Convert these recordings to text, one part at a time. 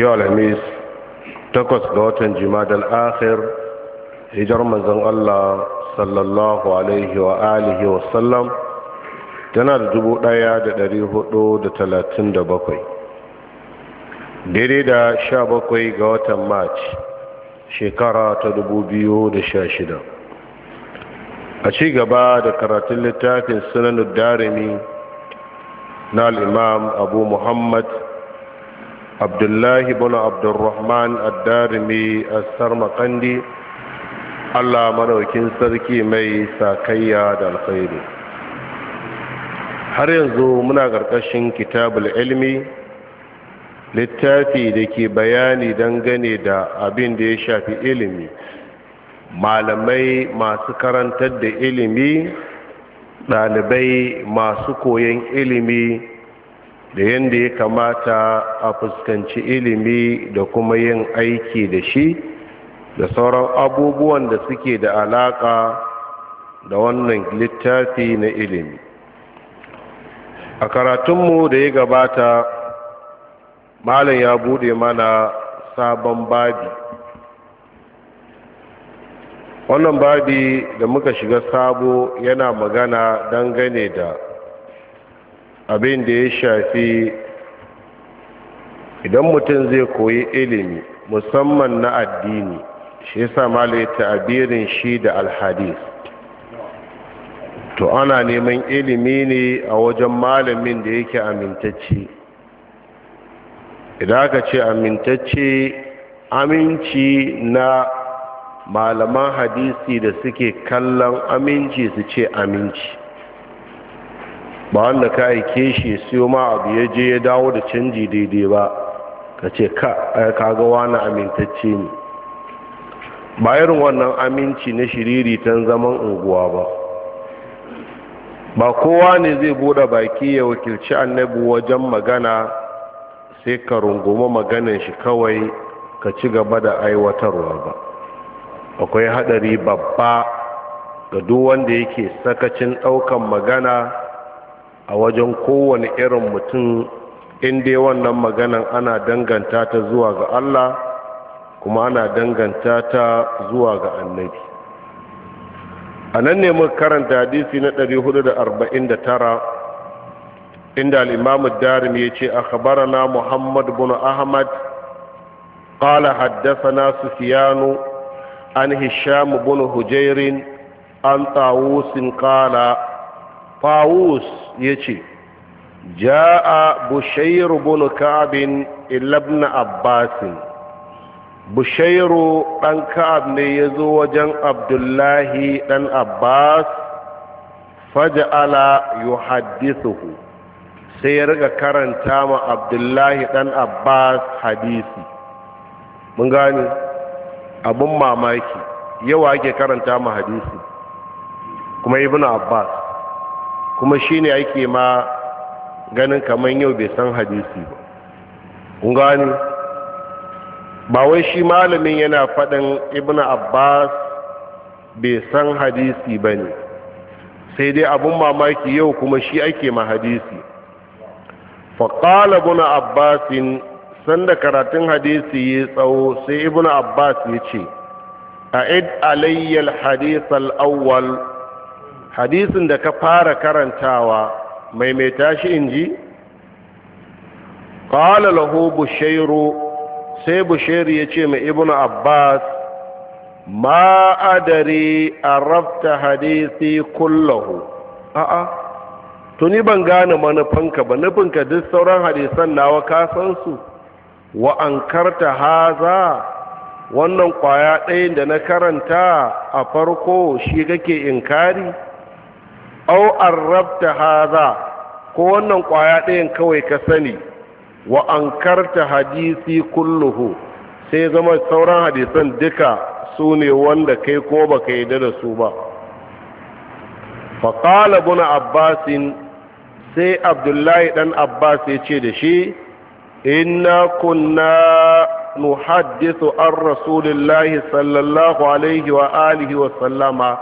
yau alhamis takwas ga watan jimadal akhir hijar manzon Allah sallallahu alaihi wa alihi wa sallam tana da dubu ɗaya da dari hudu da talatin da bakwai daidai da sha bakwai ga watan march shekara ta dubu biyu da sha shida a ci gaba da karatun littafin sunanin darimi na al'imam abu muhammad abdullahi bin abdurrahman addarimi a sarmakandi allah maraukin sarki mai sakayya da alkhairi har yanzu muna ƙarƙashin kitabul ilmi littafi da ke bayani dangane da abin da ya shafi ilimi malamai masu karantar da ilimi ɗalibai masu koyon ilimi da yadda ya kamata a fuskanci ilimi da kuma yin aiki da shi da sauran abubuwan da suke da alaƙa da wannan littafi na ilimi a karatunmu da ya gabata malam ya bude mana sabon babi wannan babi da muka shiga sabo yana magana dangane da abin da ya shafi idan mutum zai koyi ilimi musamman na addini shi yasa malai ta'abirin shi da alhadis to ana neman ilimi ne a wajen malamin da yake amintacce idan aka ce amintacce aminci na malaman hadisi da suke kallon aminci su ce aminci ba wanda ka aike shi ya siyo ma abu ya je ya dawo da canji daidai ba ka ce ka ga wani amintacce ne ba wannan aminci na shiriri tan zaman unguwa ba ba kowa ne zai buɗe baki ya wakilci annabi wajen magana sai ka rungumi maganin shi kawai ka ci gaba da aiwatarwa ba akwai haɗari babba ga duk wanda yake sakacin daukan magana a wajen kowane irin mutum inda wannan maganan ana danganta ta zuwa ga Allah kuma ana danganta ta zuwa ga annabi a nan ne karanta hadisi na 449 inda al darim ya ce na muhammad bin ahmad قال حدثنا سفيان an hishamu bin هجير an طاووس قال fawus. ya ce ja'a bushairu bin ka'abin ilabna abbasin bushairu ɗan ka'ab ne ya zo wajen abdullahi ɗan abbas faja'ala yuhaddithuhu sai ya riga karanta ma abdullahi ɗan abbas hadisi mun gani abin mamaki yawa ake karanta ma hadisi kuma ibn abbas kuma shi ne ake ma ganin kamar yau bai san hadisi ba ba wai shi malamin yana faɗin ibn abbas bai san hadisi ba ne sai dai abun mamaki yau kuma shi ake ma hadisi faƙala ibn abbasin sanda karatun hadisi ya tsawo sai ibn abbas ya ce a id alayyal hadisal awwal hadisin da ka fara karantawa maimaita shi in ji ƙwala lahu bushairu sai bushairu ya ce mai ibn abbas ma adari a rafta hadisi kullahu a'a tuni ban gane manufanka ba nufinka duk sauran hadisan nawa kasansu wa an karta haza wannan kwaya ɗayan da na karanta a farko shi kake inkari au arrabta haza ko wannan kwaya ɗayan kawai ka sani wa ankarta hadisi kulluhu sai zama sauran hadisan duka su ne wanda kai ko baka yi da su ba faƙala buna abbasin sai abdullahi ɗan abbas ya ce da shi inna kunna nuhaddisu an rasulillahi sallallahu alaihi wa alihi wa sallama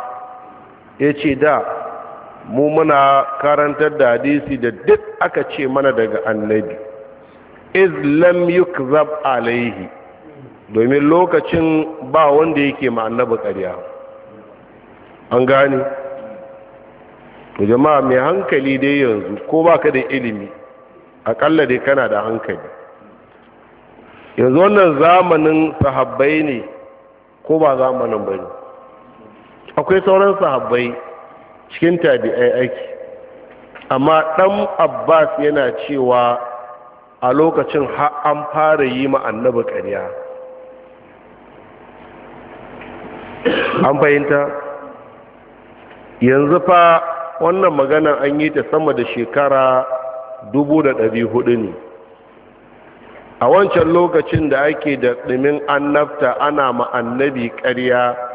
ya ce da mu muna karantar da hadisi da duk aka ce mana daga annabi iz lam yukzab alaihi domin lokacin ba wanda yake ma annabi ƙarya an gane to jama'a mai hankali dai yanzu ko baka da ilimi akalla dai kana da hankali yanzu wannan zamanin sahabbai ne ko ba zamanin bane akwai sauran sahabbai cikin tabi'ai aiki amma ɗan abbas yana cewa a lokacin an fara yi ma annabi ƙarya an fahimta yanzu fa wannan magana an yi ta sama da shekara 1400 ne a wancan lokacin da ake da ɗumin annabta ana ma annabi ƙarya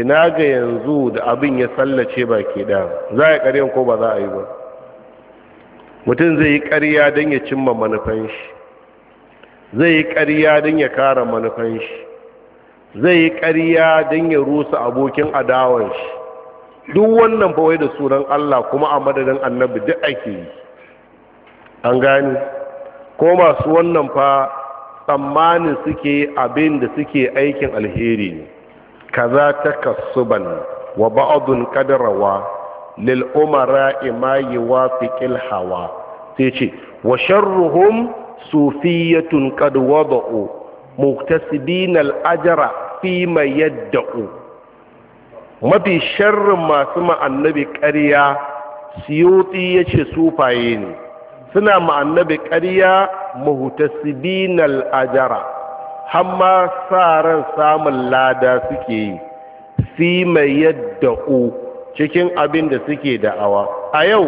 ina ga yanzu da abin ya sallace baki da za a ƙaryan ko ba za a yi ba mutum zai yi ƙarya don ya cimma manufan shi zai yi ƙarya don ya kara manufan shi zai yi ƙarya don ya rusa abokin adawan shi duk wannan bawai da sunan Allah kuma a madadin annabi duk ake yi an gani ko masu wannan fa tsammanin suke abin da suke aikin alheri ne kaza takassuban wa ba'dun qadrawa lil umara ma yuwafiqil hawa sai ce wa sharruhum sufiyatun qad wada'u muktasibina al ajra fi ma yadda'u mafi sharrin masu ma'annabi ƙarya siyoti yace sufaye ne suna ma'annabi ƙarya muhtasibina al ajra hamma sa ran samun lada suke yi fi mai yadda ku cikin abin da suke da'awa a yau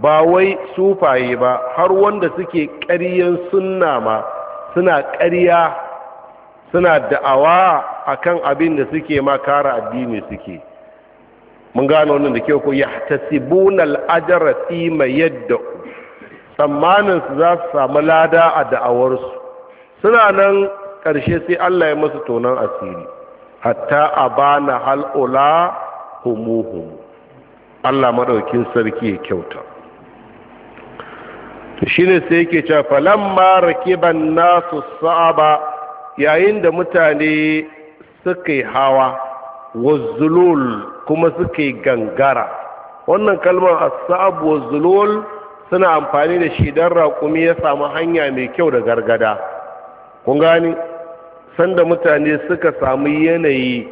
ba wai sufaye ba har wanda suke ƙaryen sunna ma suna ƙarya suna da'awa kan abin da suke makara addini suke mun gano wannan da kyau ku ya tasibuna al'ajara fi mai yadda tsammanin su za su samu lada a da'awarsu suna nan ƙarshe sai Allah ya masu tonon asiri hatta a bana hal'ula humo-humo. Allah maɗaukin sarki ya kyauta to shi ne sai yake cewa falamma rakiban nasu sa'aba yayin da mutane suka yi hawa wazulul kuma suka yi gangara wannan kalmar a saab suna amfani da shi don raƙumi ya samu hanya mai kyau da gargada kun gani sanda mutane suka samu yanayi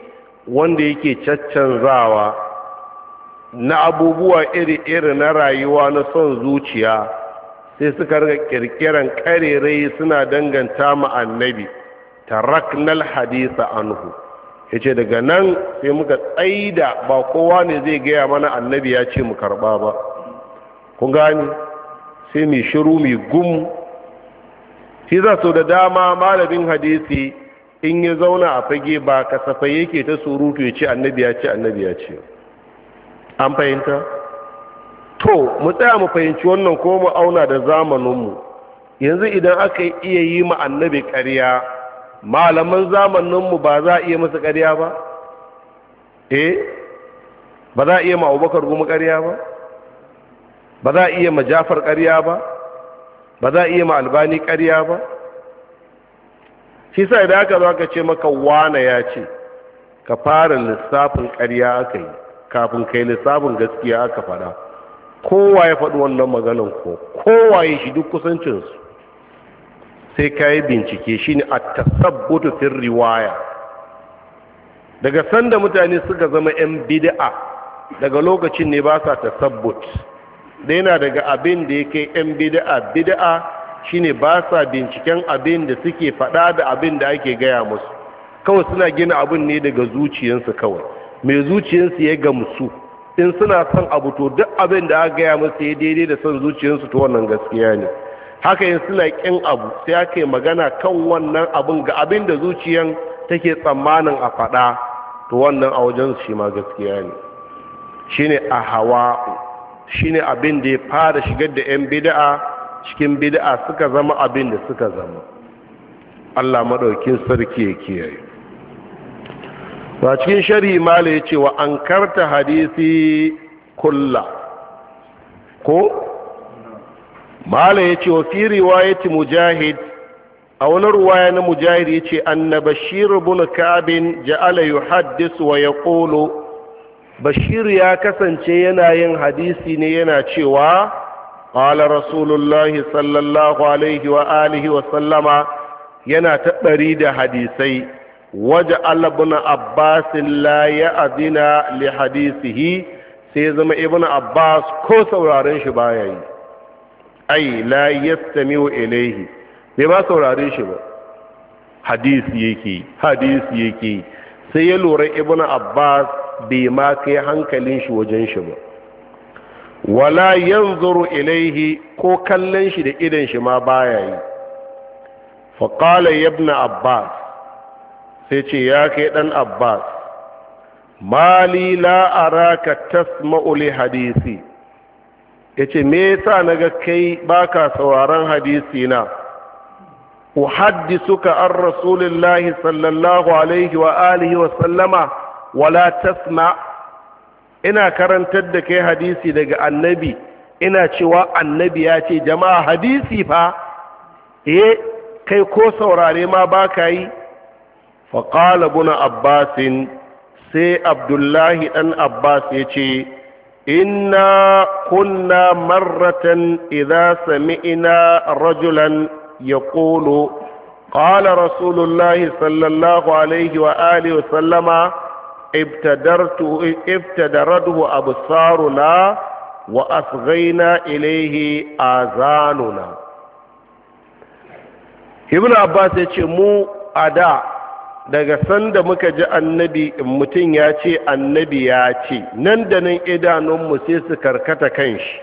wanda yake caccanzawa na abubuwa iri-iri na rayuwa na son zuciya sai suka rika kirkiran karerai suna danganta ma annabi taraknal hadisa anhu ya ce daga nan sai muka tsaida ba kowa ne zai gaya mana annabi ya ce mu karba ba kun gani sai mai shiru mai gum shi za da dama malamin hadisi in ya zauna a fage ba kasafai yake ta surutu ya ce annabi ya ce annabi ya ce an fahimta to mu tsaya mu fahimci wannan ko mu auna da zamaninmu yanzu idan aka iya yi ma annabi ƙarya malaman zamaninmu ba za a iya masa ƙarya ba eh ba za a iya ma abubakar goma ƙarya ba ba za a iya ma jafar ƙarya ba ba za a iya ma albani ƙarya ba shi sa idan aka zo ce maka wane ya ce ka fara lissafin ƙarya aka yi kafin kai lissafin gaskiya aka fada kowa ya faɗi wannan maganan ko kowa ya shi duk kusancinsu sai ka yi bincike shi ne a tasabbutu fin riwaya daga sanda mutane suka zama 'yan bid'a daga lokacin ne ba sa tasabbut da yana daga abin da ya kai 'yan bid'a bid'a shine ba sa binciken abin da suke faɗa da abin da ake gaya musu kawai suna gina abin ne daga zuciyarsu kawai mai zuciyarsu ya gamsu in suna son abu to duk abin da aka gaya musu ya daidai da son zuciyarsu to wannan gaskiya ne haka yin suna kin abu sai aka yi magana kan wannan abin ga abin da zuciyan take tsammanin a faɗa to wannan a wajen shi ma gaskiya ne shine a hawa shine abin da ya fara shigar da 'yan bida'a cikin bid'a suka zama abin da suka zama Allah maɗaukin sarki ya kiyaye ba cikin shari'i mala ya ce wa an karta hadisi kulla ko mala ya ce wa fi riwayati mujahid a wani ruwaya na mujahid ya ce anna Bashiru bin kabin ja'ala yuhaddis wa ya ƙolo bashir ya kasance yana yin hadisi ne yana cewa قال رسول الله صلى الله عليه وآله وسلم ينا تقريد حديثي وجعل ابن عباس لا يأذن لحديثه سيزم ابن عباس كو سورارين شبايعي أي لا يستمع إليه بما سورارين شبايعي hadis yake hadis yake sai ya lura ibn abbas bai ma kai hankalin shi wajen shi ba wala yanzuru ilaihi ko kallon shi da idan shi ma baya yi faƙala yabna abbas sai ce ya kai ɗan abbas mali la'araka tasma'uli hadisi ya ce me yasa na ga kai baka sauraron hadisi na uhaddisuka an rasulillahi sallallahu alaihi wa alihi wa sallama wala tasma' ina karantar da kai hadisi daga annabi ina cewa annabi ya ce jama'a hadisi fa eh kai ko saurare ma ba ka yi faƙala buna abbasin sai abdullahi ɗan abbas ya ce inna kunna marratan idza sami'ina rajulan ya ƙolo ƙala rasulullahi sallallahu alaihi wa alihi wa sallama ابتدرته absaruna wa asghayna ilayhi azanuna ibnu abbas yace mu a da daga sanda muka ji annabi mutum ya ce annabi ya ce nan da nan idanunmu sai su karkata kanshi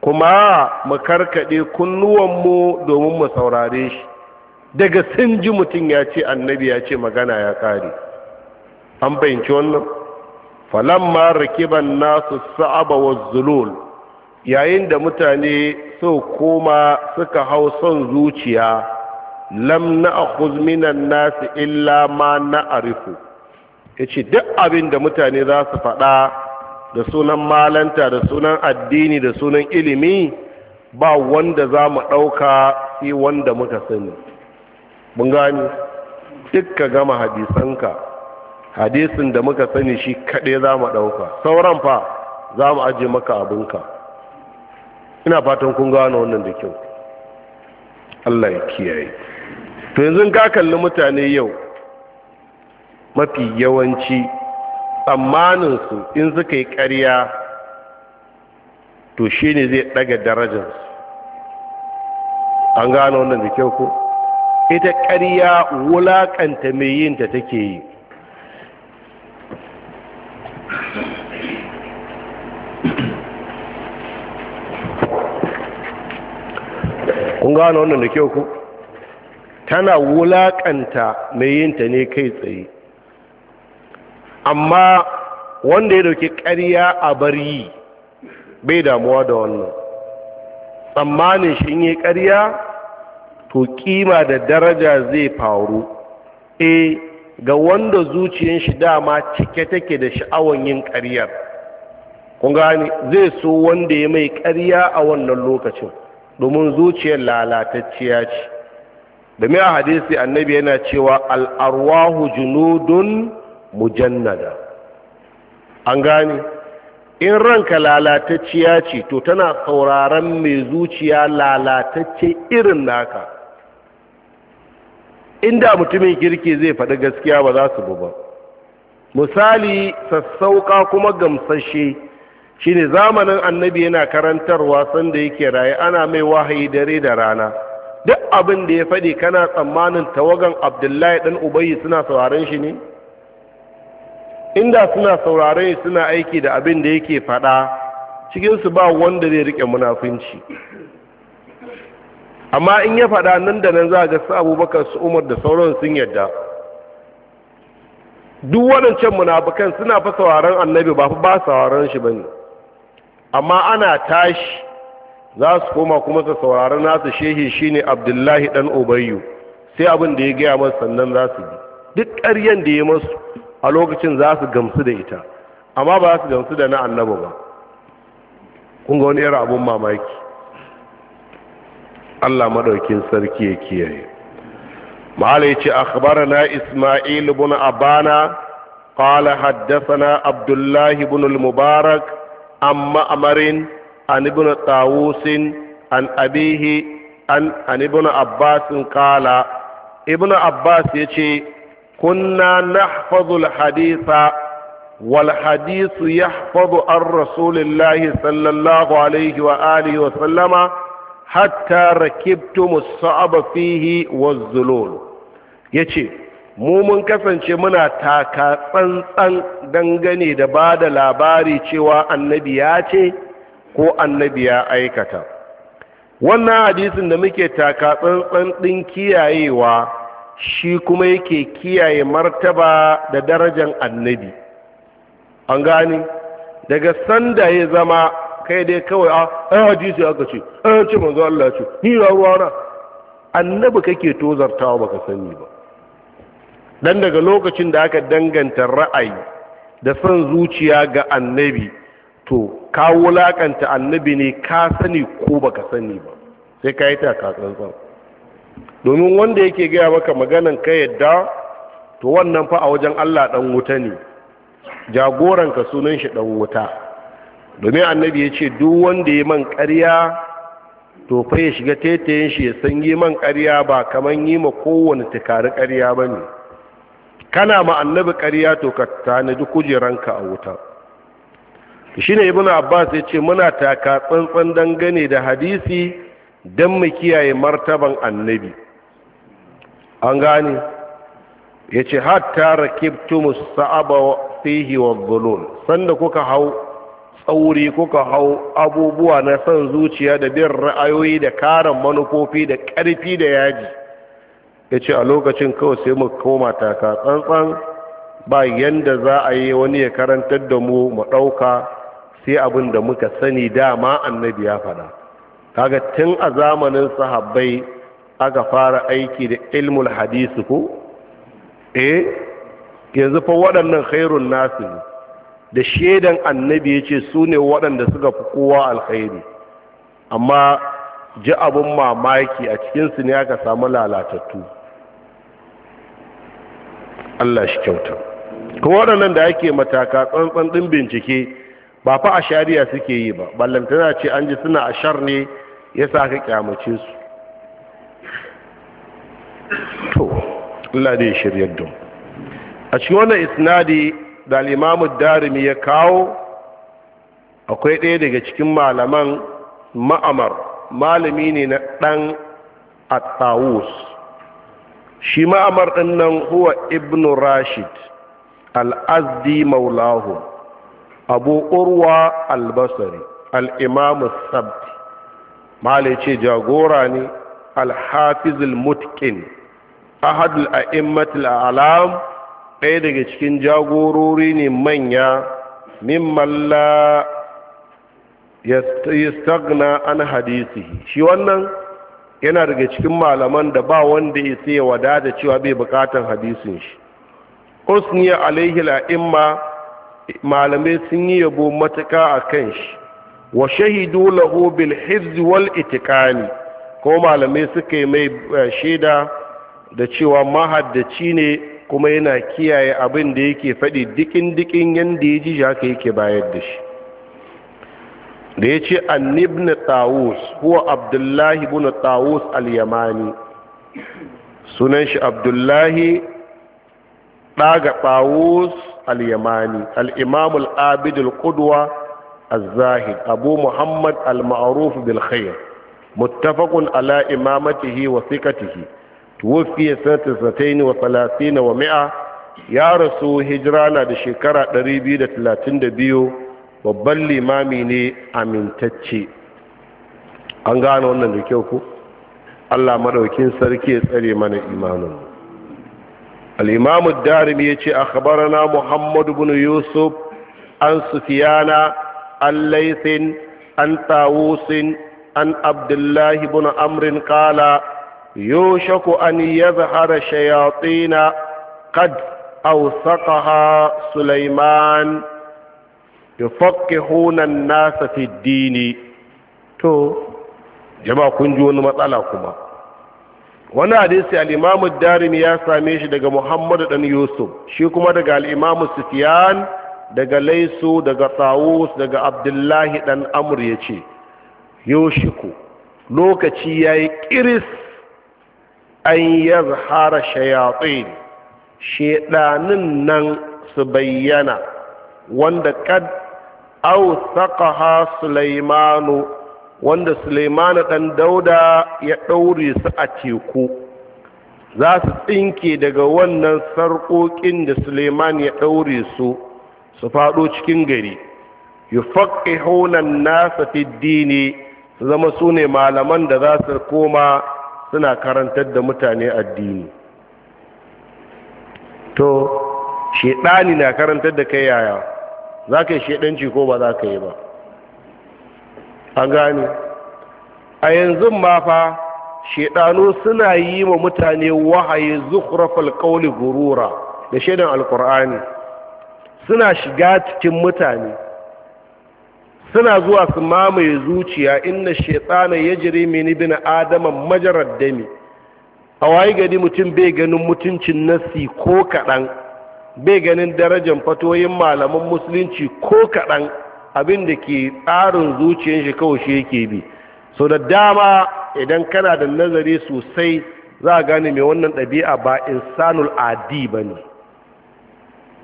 kuma mu karkade kunnuwanmu domin mu saurare shi daga sun ji mutum ya ce annabi ya ce magana ya kare an fahimci wannan falamma rakiban nasu sa'aba wa zulul yayin da mutane su koma suka hau son zuciya lam na'khudh minan nasi illa ma na'rifu yace duk abin da mutane za su faɗa da sunan malanta da sunan addini da sunan ilimi ba wanda za mu ɗauka sai wanda muka sani mun gani duk ka gama hadisanka hadisin da muka sani shi kaɗai za mu ɗauka sauran fa za mu aje maka abinka ina fatan kun gano wannan da kyau allah ya kiyaye to yanzu ka kalli mutane yau mafi yawanci tsammaninsu in suka yi ƙarya to shi ne zai ɗaga darajarsu an gano wannan da kyau ko ita ƙarya wulaƙanta mai yinta take yi kun gano wannan da kyau ku tana wulaƙanta mai yinta ne kai tsaye amma wanda ya dauki ƙarya a bari bai damuwa da wannan tsammanin shi yi ƙarya to kima da daraja zai faru e ga wanda zuciyar shi dama cike take da sha'awan yin ƙaryar kun gane zai so wanda ya mai ƙarya a wannan lokacin domin zuciyar lalatacciya ce domin a hadisi annabi yana cewa al'arwahu junudun mujannada an gane in ranka lalatacciya ce to tana sauraron mai zuciya lalatacce irin naka inda mutumin kirki zai faɗi gaskiya ba za su bu ba misali sassauka kuma gamsashe shine zamanin annabi yana karantarwa sanda yake raye ana mai wahayi dare da rana duk abin da ya faɗi kana tsammanin tawagan abdullahi ɗan ubayi suna sauraron shi ne inda suna sauraron shi suna aiki da abin da yake faɗa cikinsu ba wanda zai riƙe munafunci amma in ya faɗa nan da nan za ga su abubakar su umar da sauran sun yadda duk waɗancan munafukan suna fa sauraron annabi ba fa ba sauraron shi ba ne. amma ana tashi za su koma kuma su saurari nasu shehi shine abdullahi dan obayu sai abin da ya gaya masu sannan za su bi duk ƙaryen da ya masu a lokacin za su gamsu da ita amma ba su gamsu da na annaba ba kun ga wani irin abun mamaki Allah maɗaukin sarki ya kiyaye ma'ala yace na isma'il bun abana qala haddathana na bin al-mubarak عن مأمر عن ابن طاووس عن أبيه عن, عن ابن عباس قال ابن عباس يشي كنا نحفظ الحديث والحديث يحفظ عن رسول الله صلى الله عليه وآله وسلم حتى ركبتم الصعب فيه والذلول يشي mu mun kasance muna taka tsantsan dangane da ba da labari cewa annabi ya ce ko annabi ya aikata wannan hadisin da muke taka tsantsan ɗin kiyayewa shi kuma yake kiyaye martaba da darajar annabi an gani daga sanda ya zama kai dai kawai a ah, ɗan hadisi aka ce ɗan ce manzo Allah ce ni ruwa na annabi kake tozartawa baka sani ba dan daga lokacin da aka danganta ra'ayi da son zuciya ga annabi to ka wulakanta annabi ne ka sani ko baka sani ba sai ka yi ta katsantsan domin wanda yake gaya maka maganan ka yadda to wannan fa a wajen Allah dan wuta ne jagoranka sunan shi dan wuta domin annabi ya ce duk wanda ya man ƙarya to fa ya shiga tetayen shi ya san yi man karya, ba kaman yi ma kowane tukari karya ba ne kana ma annabi karya to ka tanadi kujeranka a wuta ne ibn abbas ya ce muna taka tsantsan dangane da hadisi don mu kiyaye martaban annabi an gane ya ce hatta rakibtumus sa'aba fihi wa zulul sanda kuka hau tsauri kuka hau abubuwa na son zuciya da bin ra'ayoyi da karan manufofi da ƙarfi da yaji ya ce a lokacin kawai sai mu koma taka tsantsan ba yanda za a yi wani ya karantar da mu mu ɗauka sai abin da muka sani dama annabi ya faɗa kaga tun a zamanin sahabbai aka fara aiki da ilmul hadisi ko eh yanzu fa waɗannan khairun nasu da shaidan annabi ya ce su ne waɗanda suka fi kowa alkhairi amma ji abin mamaki a cikinsu ne aka samu lalatattu Allah shi kyauta kuma waɗannan da ake mataka tsantsan ɗin bincike ba fa a shari'a suke yi ba ballantana ce an ji suna a shar ne ya sa ka kyamace su to Allah shiryar a cikin wannan isnadi da limamu darimi ya kawo akwai ɗaya daga cikin malaman ma'amar malami ne na ɗan attawus shi ma'amar ɗin nan huwa ibn rashid al'azdi maulahu abu urwa albasari al'imamu sabti male ce jagora ne alhafizul mutkin ahadul a'immatul alam ɗaya daga cikin jagorori ne manya mimman ya stagna an hadisi. shi wannan yana daga cikin malaman da ba wanda ya sai wada da cewa bai bukatan hadisin shi usniya alaihi la'imma malamai sun yi yabo matuka a kan shi wa shahidu lahu bil hizz wal itiqani ko malamai suka yi mai eh, shaida da cewa mahaddaci ne kuma yana kiyaye abin da yake faɗi dikin dikin yanda ya ji haka yake bayar da shi da ya ce an ibn tawus huwa abdullahi ibn tawus al-yamani sunan shi abdullahi ɗaga tawus al-yamani al-imam al-abid al al-zahid abu muhammad al-ma'ruf bil khair ala imamatihi wa sikatihi tuwafiye wa mi'a ya rasu hijira na da shekara 232 babban limami ne amintacce an gane wannan da kyau ku Allah madaukin sarki ya tsare mana imanin al-imam ya darimi yace akhbarana Muhammadu ibn yusuf an Sufiyana, an laythin an tawusin an abdullahi ibn amr qala yushaku an yazhara shayatin qad awsaqaha sulaiman yufaqihuna an-nasa fi dini to jama'a kun ji wani matsala kuma wani hadisi al-imam ad-darimi ya same shi daga Muhammad dan Yusuf shi kuma daga al-imam Sufyan daga Laisu daga Tawus daga Abdullahi dan Amr yace yushiku lokaci yayi kiris an yazhara shayatin shedanin nan su bayyana wanda kad au saqaha sulaimanu wanda sulaimanu dan dauda ya daure su a teku za su tsinke daga wannan sarƙoƙin da suleiman ya daure su su faɗo cikin gari yufaqihuna an-nasa fi su zama sune malaman da za su koma suna karantar da mutane addini to shedani na karantar da kai yaya za ka yi shaidanci ko ba za ka yi ba an gane a yanzu ma fa shaidanu suna yi wa mutane wahayi zuhrafal qawli gurura da shaidan alkur'ani suna shiga cikin mutane suna zuwa su mamaye zuciya inna shaitana yajri min ibn adama majarar dami a waye mutum bai ganin mutuncin nasi ko kaɗan bai ganin darajar fatoyin malaman musulunci ko kaɗan abin da ke tsarin zuciyar shi kawai shi yake bi so da dama idan kana da nazari sosai za a gane mai wannan ɗabi'a ba insanul adi ba ne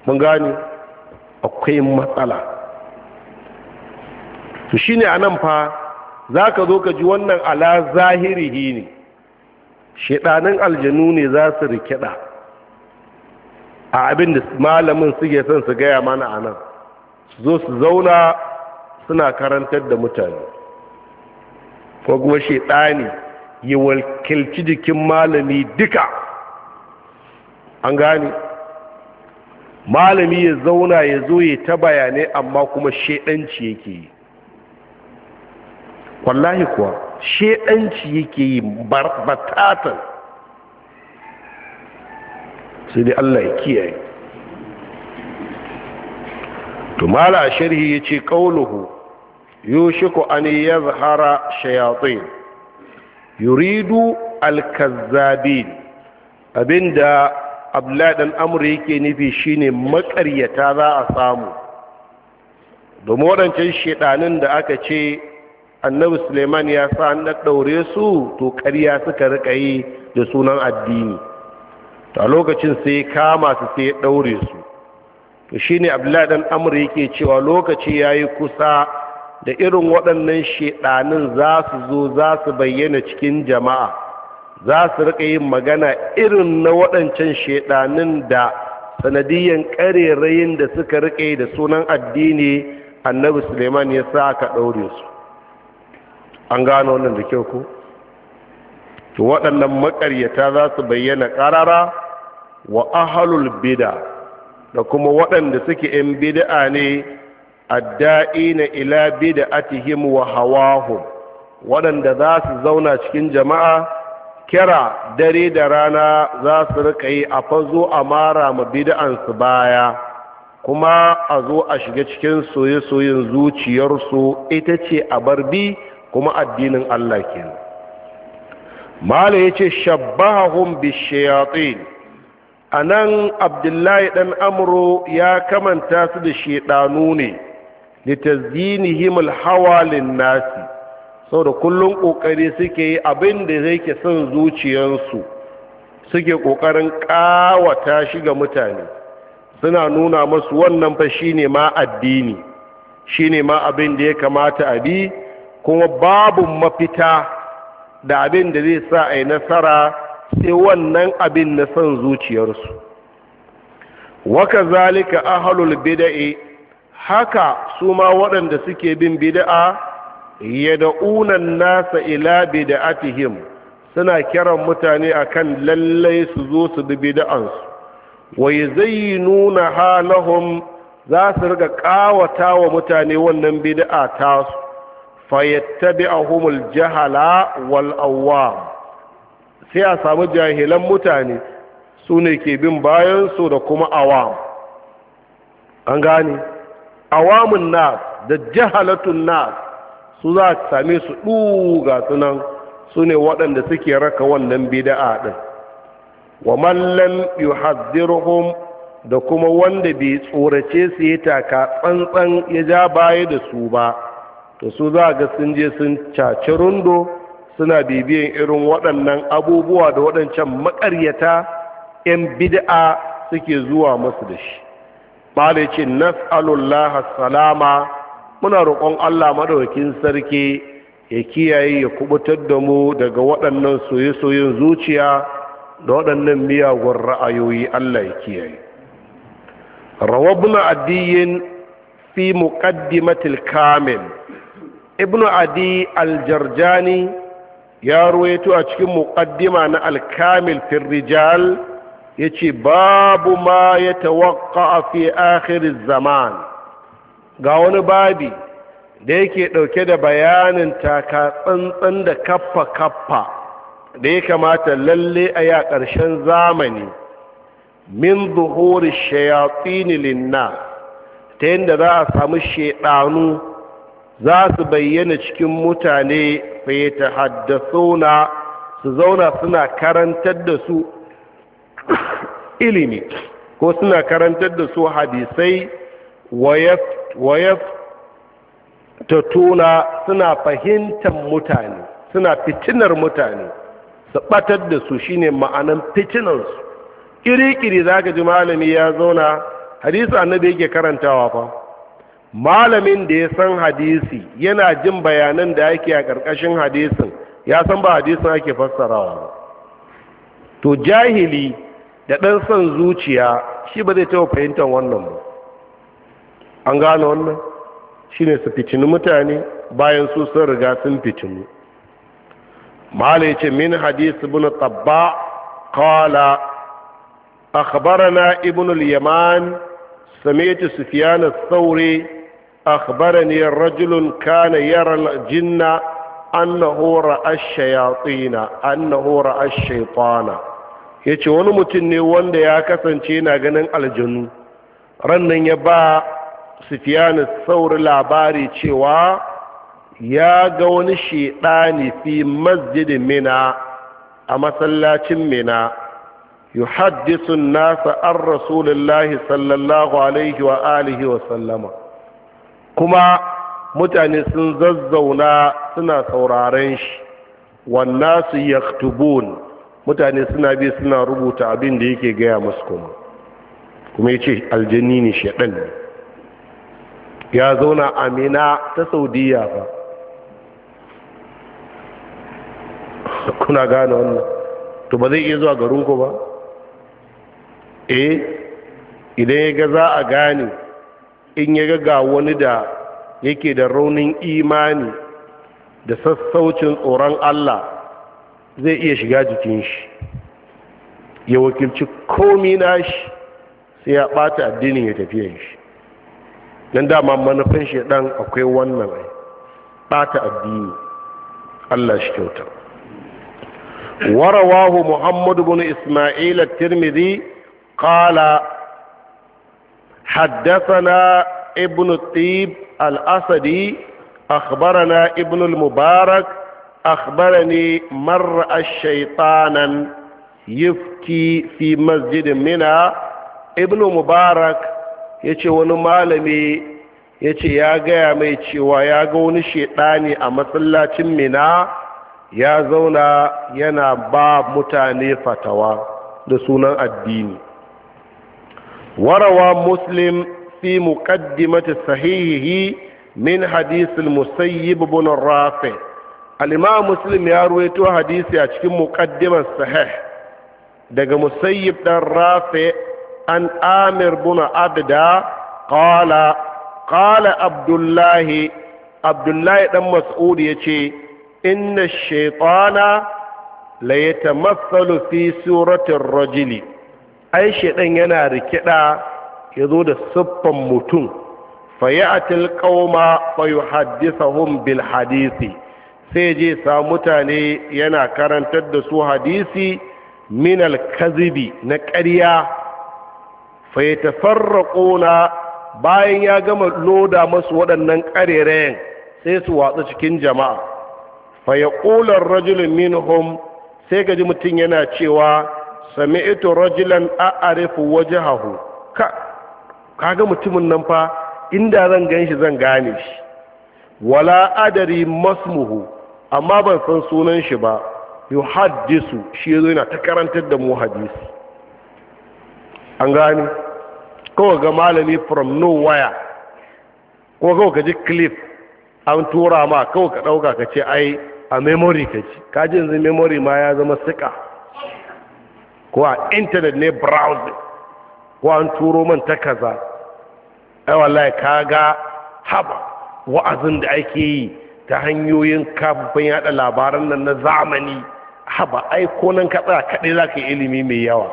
mun gane akwai matsala su shi ne a nan fa za ka zo ka ji wannan ala zahiri ne shaɗanin aljanu ne za su rikida a abin da malamin suke son su gaya mana a nan zo su zauna suna karantar da mutane ko kuma shaidani ya walkilci jikin malami duka an gane malami ya zauna ya zo ya ta bayanai amma kuma shaidanci yake yi wallahi kuwa shaidanci yake yi batatan sai dai Allah ya kiyaye to mala sharhi yace qauluhu yushiku an yazhara shayatin yuridu al abinda abladan amri yake nufi shine makaryata za a samu domin waɗancan shedanin da aka ce annabi suleiman ya sa an ɗaɗɗaure su to ƙarya suka riƙa yi da sunan addini to a lokacin sai kama su sai daure su to shine abdullahi dan amr yake cewa lokaci yayi kusa da irin waɗannan shedanin za su zo za su bayyana cikin jama'a za su rika yin magana irin na waɗancan shedanin da sanadiyyan ƙarerayin da suka rike da sunan addini annabi suleiman ya sa ka ɗaure su an gano wannan da kyau ko. to waɗannan maƙaryata za su bayyana ƙarara wa ahalul bida da kuma waɗanda suke ‘yan bid'a ne a adda'ina ila bida'atihim wa hawahun, waɗanda za su zauna cikin jama'a kira dare da rana za su rika yi a fazo a mara ma bida'ansu baya kuma a zo a shiga cikin soye-soyen zuciyarsu ita ce a barbi kuma addinin Allah kenan mala ya ce shabbahahum bishayatin a nan abdullahi ɗan amuro ya kamanta su da shaɗanu ne litazinihim nasi linnasi saboda kullum ƙoƙari suke yi abin da zai ke son zuciyarsu suke ƙoƙarin ƙawata shi ga mutane suna nuna masu wannan fa shi ne ma addini shi ne ma abin da ya kamata a bi kuma babu mafita da abin da zai sa a nasara sai wannan abin na son zuciyarsu waka zalika ahalul bida'i haka su ma waɗanda suke bin bida'a yada'unan nasa ila bida'atihim suna kiran mutane akan lallai su zo su bi bida'ansu wai zai nuna halahun za su riga ƙawata wa mutane wannan bida'a tasu fayattabi'ahumul jahala wal awwam sai a samu jahilan mutane su ne ke bin bayansu da kuma awam an gane awamun nas da jahalatun nas su za a same su ɗuga sunan su ne waɗanda suke raka wannan bida'a ɗin wa mallam yuhaddiruhum da kuma wanda bai tsorace su ya taka tsantsan ya ja baya da su ba to su za ga sun je sun caci rundo suna bibiyan irin waɗannan abubuwa da waɗancan maƙaryata 'yan bid'a suke zuwa masu da shi bala ce salama muna roƙon Allah maɗaukin sarki ya kiyaye ya kubutar da mu daga waɗannan soye-soyen zuciya da waɗannan miyagun ra'ayoyi Allah ya kiyaye rawabna addiyin fi muqaddimatil kamil ibn adi aljarjani ya ruwaito a cikin muƙaddima na alkamil firrijal ya ce babu ma ya tawakka a fi akhirin zaman ga wani babi da yake ɗauke da bayanin taka tsantsan da kaffa-kaffa da ya kamata lalle a ya ƙarshen zamani min zuhuri shayatini linna ta yadda za a samu shaɗanu za su bayyana cikin mutane haddasa na su zauna suna karantar da su ilimi ko suna karantar da su hadisai wayaf ta tuna suna fahimtar mutane suna fitinar mutane su batar da su shine ma'anan fitinansu kiri-kiri za ka ji malami ya zauna hadisa annabi yake karantawa fa malamin da ya san hadisi yana jin bayanan da ake a ƙarƙashin hadisin ya san ba hadisin ake fassarawa ba to jahili da ɗan son zuciya shi ba zai taɓa fahimtar wannan ba an gano wannan shine su fitini mutane bayan su sun riga sun fitinu mala ce min hadisi bin tabba qala akhbarana ibn al-yaman sami'tu sufyan ath-thawri أخبرني رجل كان يرى الجن أنه رأى الشياطين أنه رأى الشيطان yace wani mutum ne wanda ya kasance yana ganin aljanu rannan ya ba sufiyanu sauri labari cewa ya ga wani shaidani fi masjidin mina a masallacin mina yuhaddisun nasa an rasulullahi sallallahu alaihi wa alihi wa sallama kuma mutane sun zazzauna suna sauraren shi wanda su yaktubun mutane suna bi suna rubuta abin da yake gaya musu kuma kuma ya ce aljini ne shaɗan ne ya zauna amina ta saudiya ba kuna gane wannan to ba zai iya zuwa garinku ba eh idan ya ga za a gane in ya ga wani da yake da raunin imani da sassaucin tsoron Allah zai iya shiga jikin shi ya wakilci komi shi sai ya ɓata addinin ya tafiya shi don dama manufin shi ɗan akwai wannan ɓata addini Allah shi kyauta warawahu muhammadu bin isma'ila tirmidhi qala حدثنا ابن الطيب الأسدي أخبرنا ابن المبارك أخبرني مر الشيطانا يفكي masjidin مسجد منى Mubarak مبارك yace wani malami ya ce ya gaya mai cewa ya ga wani shaɗani a matsalacin mina ya zauna yana ba mutane fatawa da sunan addini وروى مسلم في مقدمة صحيحه من حديث المسيب بن الرافع الإمام مسلم يروي تو حديثي أشكي مقدمة صحيح دق مسيب بن الرافع عن آمر بن عبدا قال قال عبد الله عبد الله بن مسعود يشي إن الشيطان la ya tamassalu fi suratin ai shedan yana rikida zo da siffan mutum fayatil qauma fayuhaddithuhum bil hadisi sai je sa mutane yana karantar da su hadisi min al kazibi na ƙarya fayatafarraquna bayan ya gama loda masu waɗannan ƙarerayen sai su watsa cikin jama'a ar-rajulu minhum sai gaji mutum yana cewa sami'tu rajulan a'rifu wajhahu ka kaga mutumin nan fa inda zan ganshi zan gane shi wala adari masmuhu amma ban san sunan shi ba yuhaddisu shi yazo yana ta karantar da mu hadisi an gane kawai ga malami from nowhere ko kawai ka ji clip an tura ma kawai ka ɗauka ka ce ai a memory ka ji kajin zai memory ma ya zama sika ko a intanet ne browsing ko an turo man ta kaza ai wallahi kaga haba wa'azin da ake yi ta hanyoyin kafin yada labaran nan na zamani haba ai ko nan ka tsaya kaɗai zaka yi ilimi mai yawa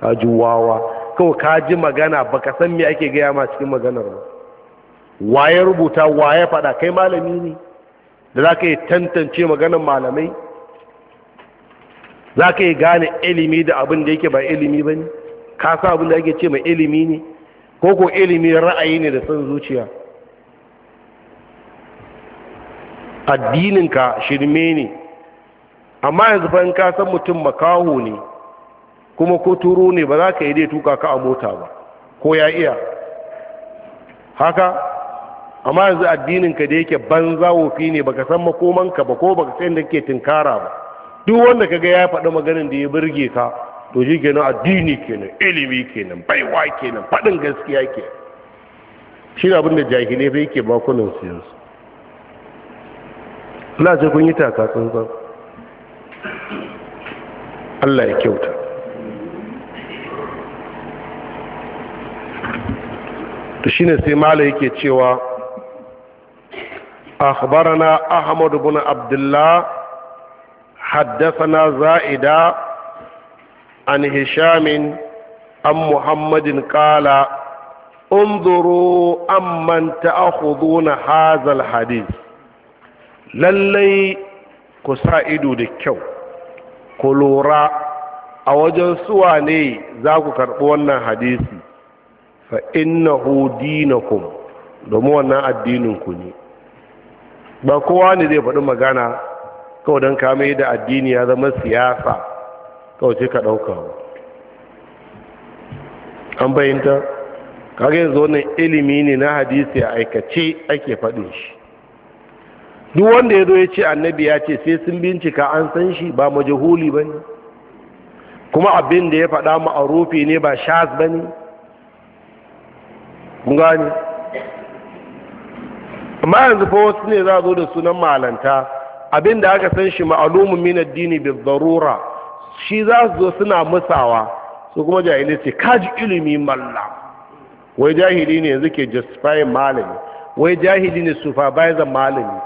ka ji wawa kawai ka ji magana baka san me ake gaya ma cikin maganar ba waye rubuta waye faɗa kai malami ne da za yi tantance maganar malamai za ka yi gane ilimi da abin da yake ba ilimi ba ne ka sa abin da yake ce mai ilimi ne ko ko ilimi ra'ayi ne da son zuciya addininka shirme ne amma yanzu fa ka san mutum makaho ne kuma ko turo ne ba za ka yi dai tuka ka a mota ba ko ya iya haka amma yanzu addininka da yake banza wofi ne baka san makomanka ba ko baka san da ke tinkara ba duk wanda kaga ya faɗi maganin da ya burge ka to shi kenan addini kenan ilimi kenan baiwa kenan faɗin gaskiya ke shi abin da jahilai bai ke bakunan siyansu yanzu ce kun yi taka tsantsan Allah ya kyauta to shine sai mala yake cewa akhbarana Ahmadu ibn abdullah حدثنا زائدة عن هشام عن محمد قال انظروا أمن تأخذون هذا الحديث للي كسائد دكو كلورا أوجن سواني ذاك كربونا حديثي فإنه دينكم دمونا الدين كني ba kowa ne zai faɗi magana kawai don kame da addini ya zama siyasa kawai ce ka ɗauka an bayanta kage zo ne ilimi ne na hadisi a aikace ake faɗin shi duk wanda ya zo ya ce annabi ya ce sai sun bincika an san shi ba majahuli ba ne kuma abin da ya faɗa ma'arufi ne ba shaz ba ne amma yanzu fa wasu ne za zo da sunan malanta abin da aka san shi ma'alumin min addini bi darura shi za su zo suna musawa su kuma jahili ce kaji ilimi malla wai jahili ne yanzu ke justify malami wai jahili ne supervisor malami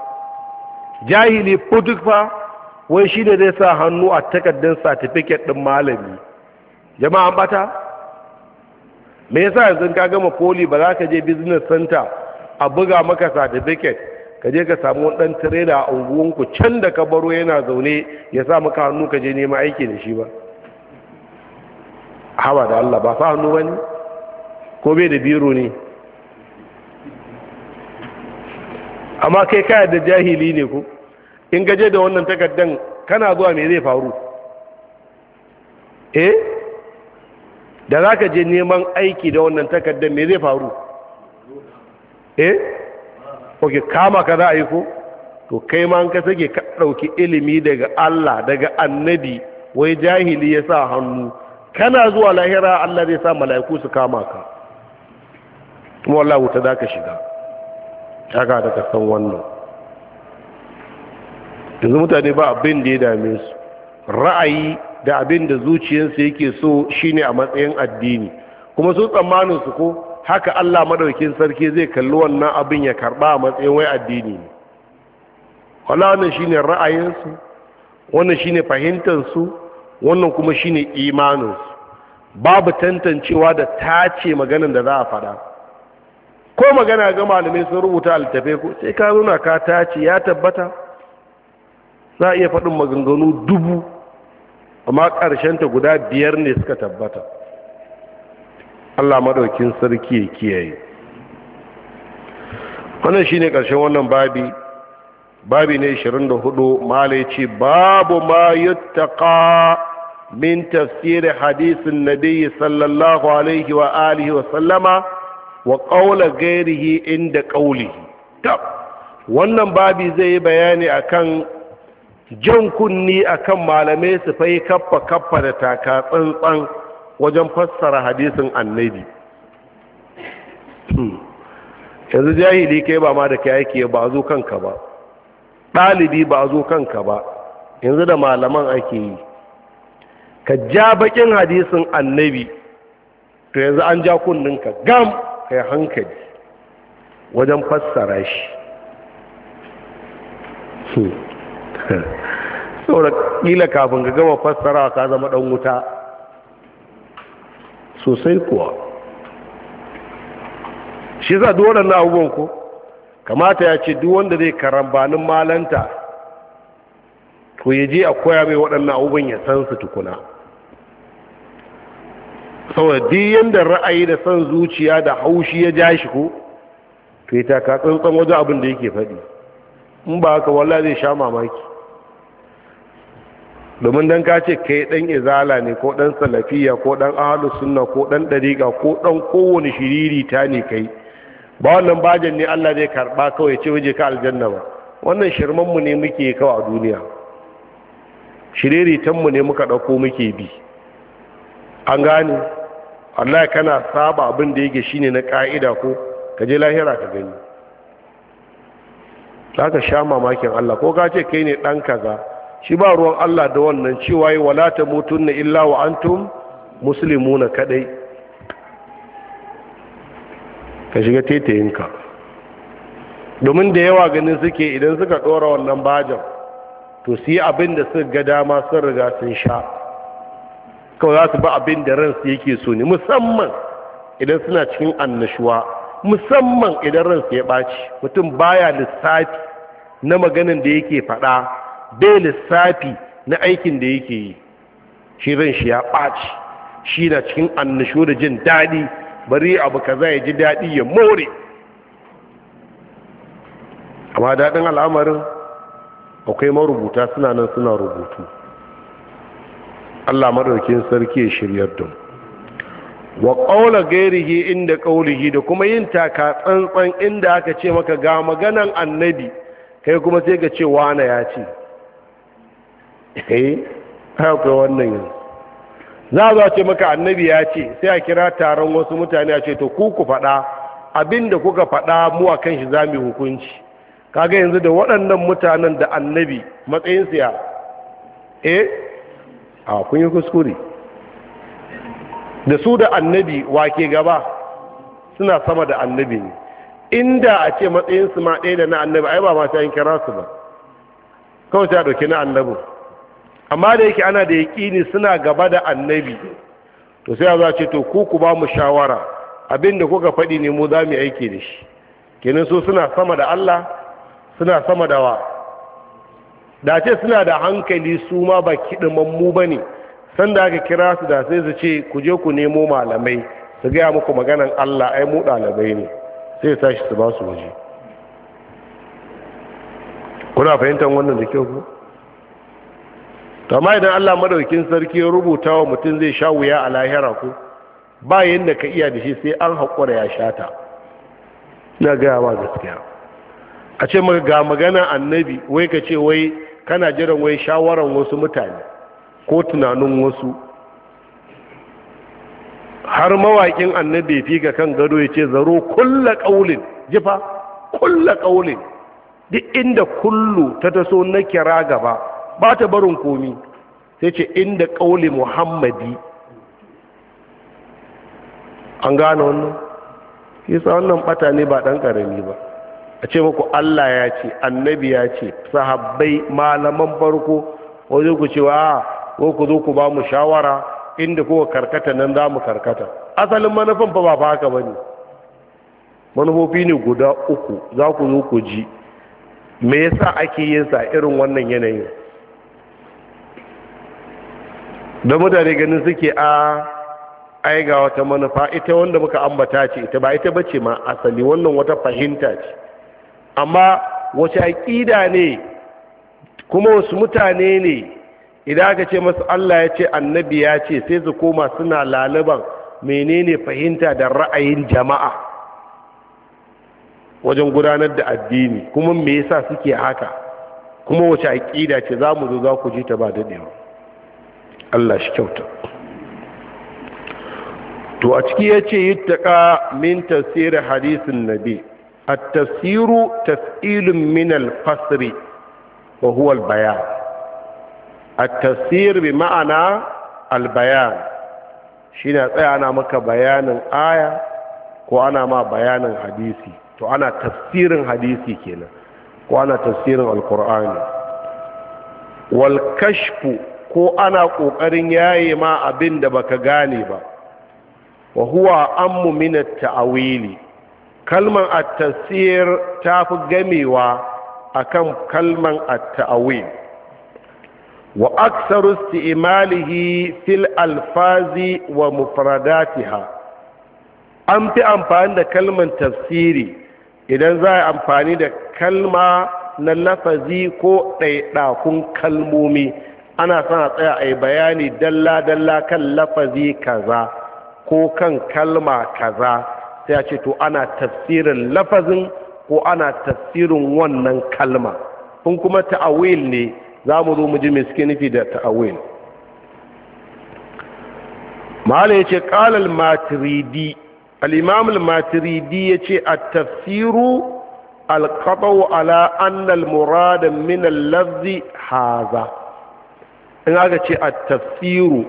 jahili putuk fa wai shi ne zai sa hannu a takardun certificate din malami jama'a bata me yasa yanzu ka gama poli ba za ka je business center a buga maka certificate ka je ka samu wani ɗan tirela a unguwanku can da ka baro yana zaune ya sa maka hannu ka je nema aiki da shi ba hawa da Allah ba sa hannu ba ne ko bai da biro ne amma kai kayar da jahili ne ku? in gaje da wannan takardan kana zuwa me zai faru eh da za ka je neman aiki da wannan takardan me zai faru eh oke kama ka za a yi ko to kai ma ka sake ka ɗauki ilimi daga Allah daga annabi wai jahili ya sa hannu kana zuwa lahira Allah zai sa mala'iku su kama ka kuma Allah wuta za ka shiga haka da ka san wannan yanzu mutane ba abin da ya dame su ra'ayi da abin da zuciyarsu yake so shine a matsayin addini kuma su tsammanin su ko haka Allah madaukin sarki zai kalli wannan abin ya karba a matsayin wai addini ne wala wannan shine ra'ayinsu wannan shine su wannan kuma shine imaninsu babu tantancewa da tace maganin da za a faɗa ko magana ga malamai sun rubuta altafai ko sai ka nuna ka tace ya tabbata za a iya faɗin maganganu dubu amma ta guda biyar ne suka tabbata Allah madaukin sarki ya kiyaye wannan shine karshen wannan babi babi ne 24 malai ce babu ma yuttaqa min tafsir hadisin nabi sallallahu alaihi wa alihi wa sallama wa qawla ghairihi inda qawlihi tab wannan babi zai yi bayani akan jan kunni akan malamai su fai kaffa kaffa da taka tsantsan wajen fassara hadisin annabi hmm. yanzu jahili kai ba ma da kai ake ba zo kanka ba ɗalibi ba zo kanka ba yanzu da malaman ake yi ka ja bakin hadisin annabi to yanzu an ja kunninka gam kai hankali wajen fassara shi hmm. saboda kila kafin ka gama fassara ka zama ɗan wuta sosai kuwa shi za duk waɗannan abubuwan ko kamata ya ce duk wanda zai karambanin malanta to ya je a koya mai waɗannan abubuwan ya san su tukuna saboda duk yadda ra'ayi da son zuciya da haushi ya ja shi ko to yi takatsantsan tsantsan wajen abin da yake faɗi in ba haka wallah zai sha mamaki domin dan ka ce kai dan izala ne ko dan salafiya ko dan ahlus sunna ko dan dariqa ko dan kowane shiriri ta ne kai ba wannan bajin ne Allah zai karba kawai ce waje ka aljanna ba wannan shirman mu ne muke kawai a duniya shiriri tan mu ne muka dauko muke bi an gane Allah kana saba abin da yake shine na ka'ida ko ka je lahira ka gani ka sha mamakin Allah ko ka ce kai ne dan kaza shi ba ruwan Allah da wannan cewa yi wala ta na illa wa antum na kadai ka shiga tetayinka domin da yawa ganin suke idan suka ɗora wannan bajan to su yi abin da su ga dama sun riga sun sha kawai za su ba abin da ransu yake so ne musamman idan suna cikin annashuwa musamman idan ransu ya ɓaci mutum baya lissafi na maganin da yake faɗa bai lissafi na aikin da yake yi shi ran shi ya ɓaci shi na cikin annashu da jin daɗi bari abu kaza ya ji daɗi ya more amma daɗin al'amarin akwai marubuta suna nan suna rubutu Allah madaukin sarki ya shiryar don. wa qawla gairihi inda qawlihi da kuma yin taka tsantsan inda aka ce maka ga maganan annabi kai kuma sai ka ce wani ya ce eh haka wannan yanzu za a ce maka annabi ya ce sai a kira taron wasu mutane a ce to ku ku faɗa abinda kuka faɗa mu a kan shi za mu hukunci kaga yanzu da waɗannan mutanen da annabi matsayin siya eh a kun yi kuskure da su da annabi wake gaba suna sama da annabi ne inda a ce matsayin su ma ɗaya da na annabi ai ba ma sai an kira su ba kawai sai ɗauki na annabin amma da yake ana da yaƙini suna gaba da annabi to sai a za ce to ku ku ba mu shawara abinda kuka faɗi ne mu za mu aiki da shi kenan so suna sama da Allah suna sama da wa da ce suna da hankali su ma ba mu ba ne sanda aka kira su da sai su ce ku je ku nemo malamai su gaya muku maganan Allah ai mu ɗalibai ne sai tashi su ba su waje kuna fahimtar wannan da kyau ku to amma idan Allah madaukin sarki ya rubuta wa mutum zai sha wuya a lahira ko ba yanda ka iya da shi sai an haƙura ya shata na gaya wa gaskiya a ce maka ga magana annabi wai ka ce wai kana jiran wai shawaran wasu mutane ko tunanin wasu har mawaƙin annabi fi ga kan gado ya ce zaro kulla ƙaulin jifa kulla ƙaulin duk inda kullu ta taso na kira gaba ba ta barin komi sai ce inda ƙauli muhammadi an gane wannan kisa wannan bata ne ba dan karami ba a ce muku allah ya ce annabi ya ce sahabbai malaman farko wajen ku cewa ko ku zo ku ba mu shawara inda kuka karkata nan za mu karkata asalin manufan fa ba fa haka ba ne manufofi ne guda uku za ku zo ku ji me yasa ake yin sa irin wannan yanayin don mutane ganin suke a aiga wata manufa ita wanda muka ambata ce ita ba ita bace ma asali wannan wata fahimta ce amma wace aƙida ne kuma wasu mutane ne idan aka ce masu Allah ya ce annabi ya ce sai su koma suna laliban menene fahimta da ra'ayin jama'a wajen gudanar da addini kuma me yasa suke haka kuma wace aƙida ce za mu zo za ku ji ta ba daɗewa Allah shi kyauta to a ciki ya ce yi taƙa min tasiri hadisin nabi a tasiru tafilin min alfasiri wa huwa a tafsir bi ma'ana albayan shi na tsaya ana maka bayanin aya ko ana ma bayanin hadisi to ana tasirin hadisi kenan ko ana tafsirin alkur'ani wal kashfu ko ana ƙoƙarin yaye ma abin da baka gane ba wa huwa ammu min at-ta'wili kalman at-tafsir tafi gamewa akan kalman at-ta'wil wa aktsaru isti'malihi fil alfazi wa mufradatiha an fi amfani da kalman tafsiri idan za a amfani da kalma na lafazi ko ɗaiɗakun kalmomi ana sana tsaya a bayani dalla-dalla kan lafazi kaza ko kan kalma kaza sai a ce to ana tafsirin lafazin ko ana tafsirin wannan kalma kun kuma ta'awil ne za mu zo mu ji mai suke nufi da ta'awil mahala ya ce kalal matiridi al'imamul matiridi ya ce a tafsiru alkaɓau ala annal muradin minan lafzi haza in aka ce a tafsiru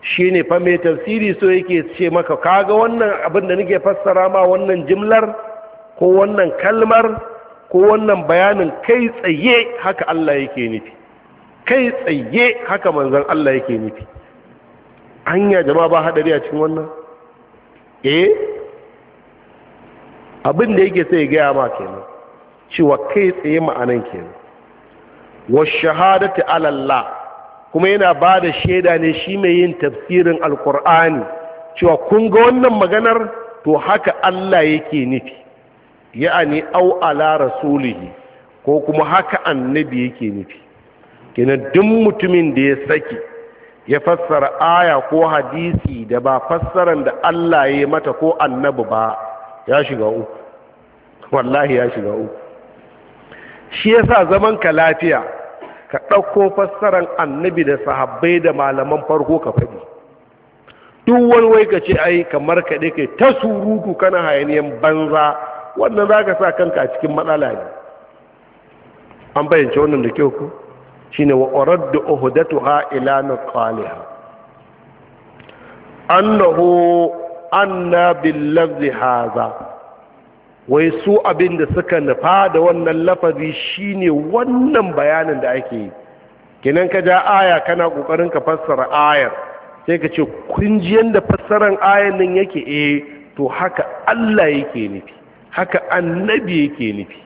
shi ne fa mai tafsiri so yake ce maka kaga wannan abin da nake fassara ma wannan jimlar ko wannan kalmar ko wannan bayanin kai tsaye haka Allah yake nufi kai tsaye haka manzon Allah yake nufi hanya jama'a ba hadari a cikin wannan eh abin da yake sai ya gaya ma kenan cewa kai tsaye ma'anan kenan wa shahadati alallah kuma yana ba da shaida ne shi mai yin tafsirin alkur'ani cewa kun ga wannan maganar to haka Allah yake nufi ya'ani au ala rasulihi ko kuma haka annabi yake nufi kina duk mutumin da ya saki ya fassara aya ko hadisi da ba fassaran da Allah ya mata ko annabi ba ya shiga uku wallahi ya shiga uku shi yasa zaman ka lafiya ka ɗauko fassarar annabi da sahabbai da malaman farko ka faɗi duk wani wai ka ce ai kamar ka ɗai kai ta surutu kana hayaniyan banza wannan za ka sa kanka a cikin matsala ne an bayyance wannan da kyau ku shine wa uraddu uhdatuha ila nuqaliha annahu na lafzi haza. wai su abin da suka nufa da wannan lafazi shine wannan bayanin da ake yi kinan ka ja aya kana kokarin ka fassara ayar sai ka ce kun ji yanda fassaran ayar nan yake eh to haka Allah yake nufi haka annabi yake nufi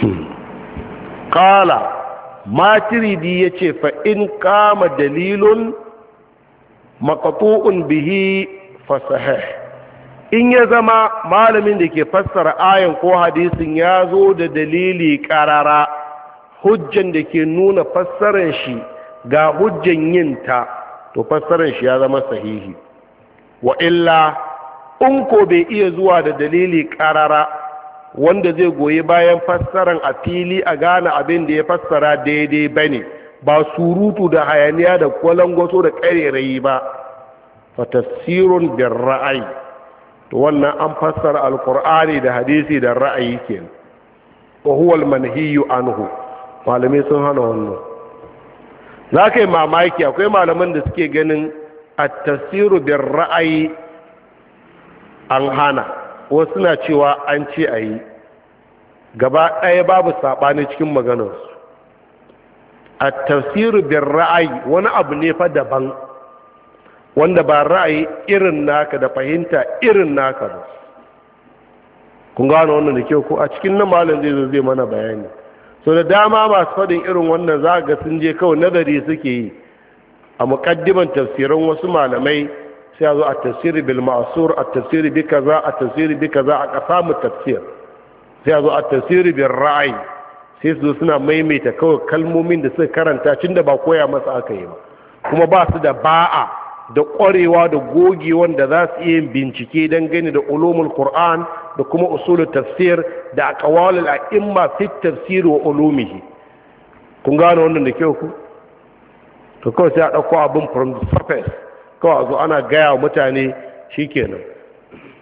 hmm. qala matiridi yace fa in qama dalilun maqtu'un bihi fasahih in ya zama malamin da ke fassara ayan ko hadisin ya zo da dalili karara hujjan da ke nuna fassaran shi ga hujjan yinta to fassaran shi ya zama sahihi wa illa in ko bai iya zuwa da dalili karara wanda zai goyi bayan fassaran a fili a gane abin da ya fassara daidai bane ba surutu da hayaniya da kwalangwaso da ƙarerayi ba fa tasirun bin ra'ayi to wannan an fassara alkur'ani da hadisi da ra'ayi ke wa huwal manhiyu anhu Malami sun hana wannan za ka yi mamaki akwai malamin da suke ganin a tasiru bin ra'ayi an hana wasu suna cewa an ce a gaba ɗaya babu saɓani cikin maganarsu a tasiru bin ra'ayi wani abu ne fa daban wanda ba ra'ayi irin naka da fahimta irin naka ba kun gano wannan da kyau ko a cikin nan malam zai zo zai mana bayani so da dama masu faɗin irin wannan za ga sun je kawai nazari suke yi a muƙaddiman tafsirin wasu malamai sai a zo a tafsiri bil ma'asur a tafsiri bi kaza a tafsiri bi kaza a ƙasa mu tafsir sai a zo a tafsiri bil ra'ayi sai su suna maimaita kawai kalmomin da suka karanta tun da ba koya masa aka yi ba kuma ba su da ba'a da ƙwarewa da goge wanda za su iya bincike don gani da ulumul qur'an da kuma usul tafsir da in ma fi tafsir wa ulumihi kun gane wannan da kyau ku to kawai sai a ɗauko abin from the surface kawai zo ana gaya wa mutane shi shikenan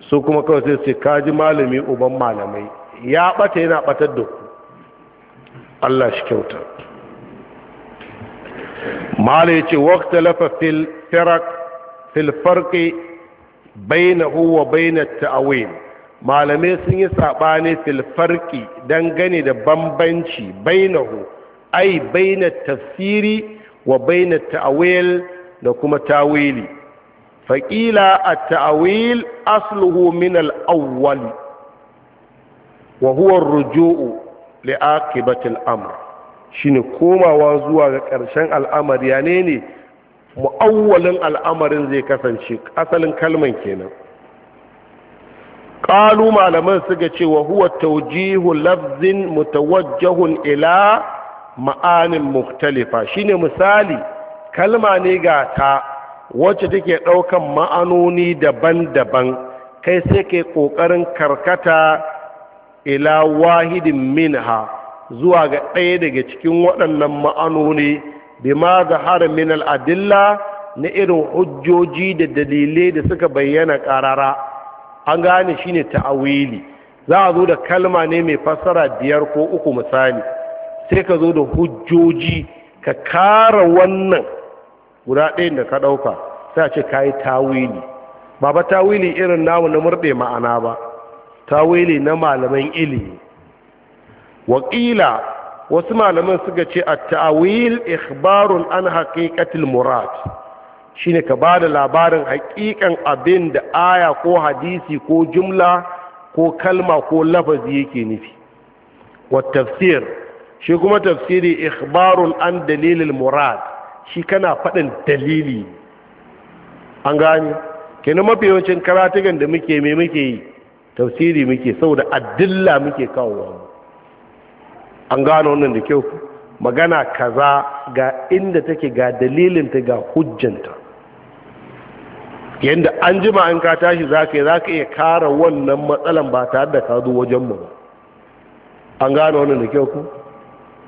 su kuma kawai sai su kaji malami uban malamai ya ɓata yana ɓatar da ku Allah shi kyauta mala ya ce wakta lafa filfarki baina huwa baina ta'awil malamai sun yi saɓani filfarki don dangane da bambanci baina hu ai baina tafsiri wa baina ta'awil da kuma tawili faƙila a ta'awil asluhu min al'awwali wa huwa ruju'u li akibatil amr shine komawa zuwa ga ƙarshen al'amari ya ne mu'awwalin al'amarin zai kasance asalin kalman kenan ƙalu malaman suka ce wa huwa taujihu lafzin mutawajjahun ila ma'anin Shi shine misali kalma ne ga ta wacce take ɗaukan ma'anoni daban-daban kai sai kai ƙoƙarin karkata ila wahidin ha. zuwa ga ɗaya daga cikin waɗannan ma'anoni ga da min al'adilla na irin hujjoji da dalilai da suka bayyana ƙarara an gane shi ne ta'awili za a zo da kalma ne mai fassara biyar ko uku misali sai ka zo da hujjoji ka kara wannan guda ɗayan da ka ɗauka sai a ce ka yi tawili ba ba tawili irin namu na murɗe ma'ana ba tawili na malaman ilimi waƙila wasu malaman suka ce a ta'awil ikhbarun an haƙiƙatil murad shine ka ba da labarin haƙiƙan abin da aya ko hadisi ko jumla ko kalma ko lafazi yake nufi wa tafsir shi kuma tafsiri ikhbarun an dalilil murad shi kana faɗin dalili an gane kenan mafi yawancin karatukan da muke mai muke yi tafsiri muke saboda addilla muke kawo kawowa an gano wannan da kyau magana kaza ga inda take ga dalilinta ga hujjanta yadda an jima an ka tashi za ka yi za ka iya kara wannan matsalan ba tare da kazu wajen wajenmu ba an gano wannan da kyau ku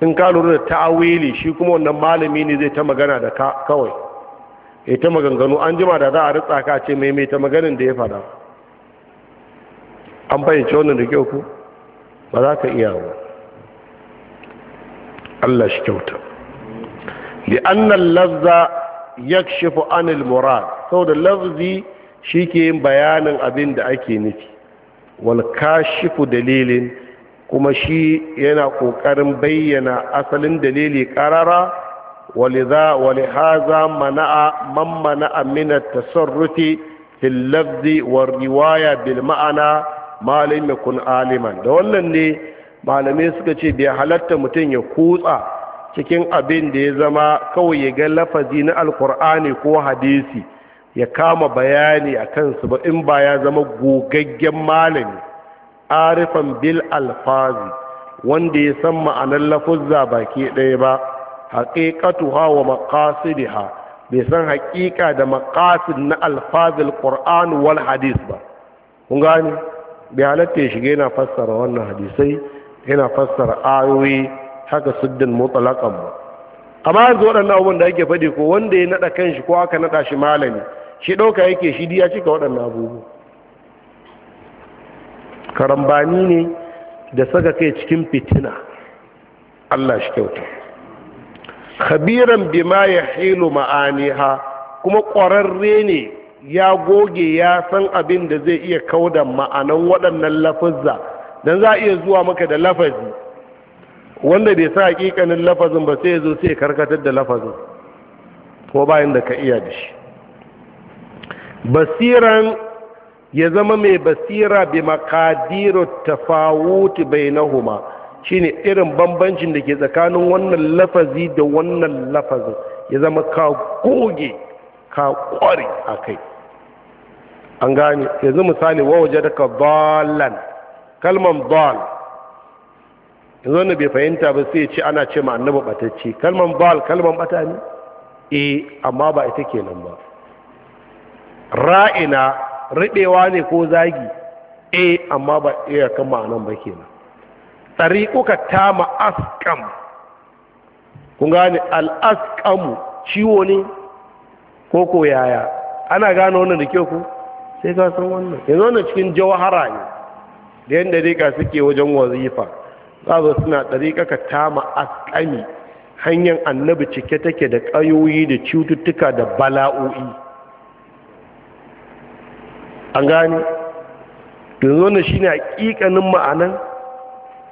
in ka lura da ta'awili shi kuma wannan malami ne zai ta magana da ka kawai ya ta maganganu an jima da za a ritsa ka ce mai mai ta maganin da ya fada an fahimci wannan da kyau ku ba za ka iya ba Allah shi kyauta li'annan lafza ya shifu anil murad saboda lafzi shi ke yin bayanin abin da ake nufi wal shifu dalilin kuma shi yana ƙoƙarin bayyana asalin dalili ƙarara wali haza mana'a man mana'a minar tasarrufi fil lafzi wa riwaya bil ma'ana malin mekun aliman da wannan ne malamai suka ce bai halatta mutum ya kutsa cikin abin da ya zama kawai ya ga lafazi na alkur'ani ko hadisi ya kama bayani a kansu ba in ba ya zama gogaggen malami arifan bil alfazi wanda ya san ma'anar lafuzza baki ɗaya ba haƙiƙatu wa ha bai san haƙiƙa da maqasid na alfazil qur'an wal hadis ba kun gane bai halatta ya shiga yana fassara wannan hadisai yana fassara ayoyi haka siddin mutlaqan ba amma yanzu waɗannan abubuwan da ake faɗi ko wanda ya naɗa kanshi ko aka naɗa shi malami shi ɗauka yake shi diya cika waɗannan abubuwa karambani ne da saka kai cikin fitina Allah shi kyauta khabiran bima yahilu ma'aniha kuma ƙwararre ne ya goge ya san abin da zai iya kaudan, ma'anan waɗannan lafuzza dan za a iya zuwa maka da lafazi wanda bai sa hakikanin lafazin ba sai ya zo sai karkatar da lafazin ko bayan da ka iya da shi basiran ya zama mai basira bi makadiru tafawuti bainahuma shine irin bambancin da ke tsakanin wannan lafazi da wannan lafazin ya zama ka goge ka kware a an gane yanzu misali wawaje daga ballan kalman bal yanzu wanda bai fahimta ba sai ce ana ce ma annabi batacce kalman bal kalman bata ne eh amma ba ita kenan ba ra'ina riɓewa ne ko zagi eh amma ba iya kan ma'anan ba kenan kuka ta ma'askam kun gane al'askamu ciwo ne ko ko yaya ana gane wannan da kyau ku sai ka san wannan yanzu wannan cikin jawahara ne da yan dariƙa suke wajen wazifa za su suna dariƙa ka tama askami hanyar annabi cike take da ƙayoyi da cututtuka da bala'o'i an gani yanzu wannan shi ne hakikanin ma'anan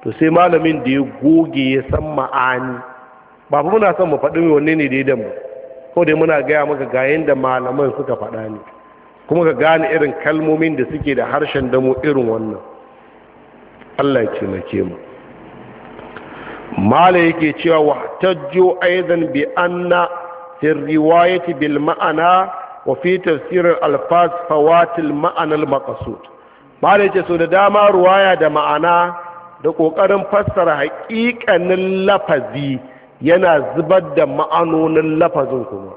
to sai malamin da ya goge ya san ma'ani ba fi muna son mu faɗi wanne ne da ya ko dai muna gaya maka ga yadda malaman suka faɗa ne kuma ka gane irin kalmomin da suke da harshen damo irin wannan Allah ya taimake mu mala yake cewa wa tajjo aidan bi anna fi riwayati bil ma'ana wa fi tafsir al alfaz fawatil ma'ana al maqsud mala yake so da dama ruwaya da ma'ana da kokarin fassara hakikanin lafazi yana zubar da ma'anonin lafazin kuma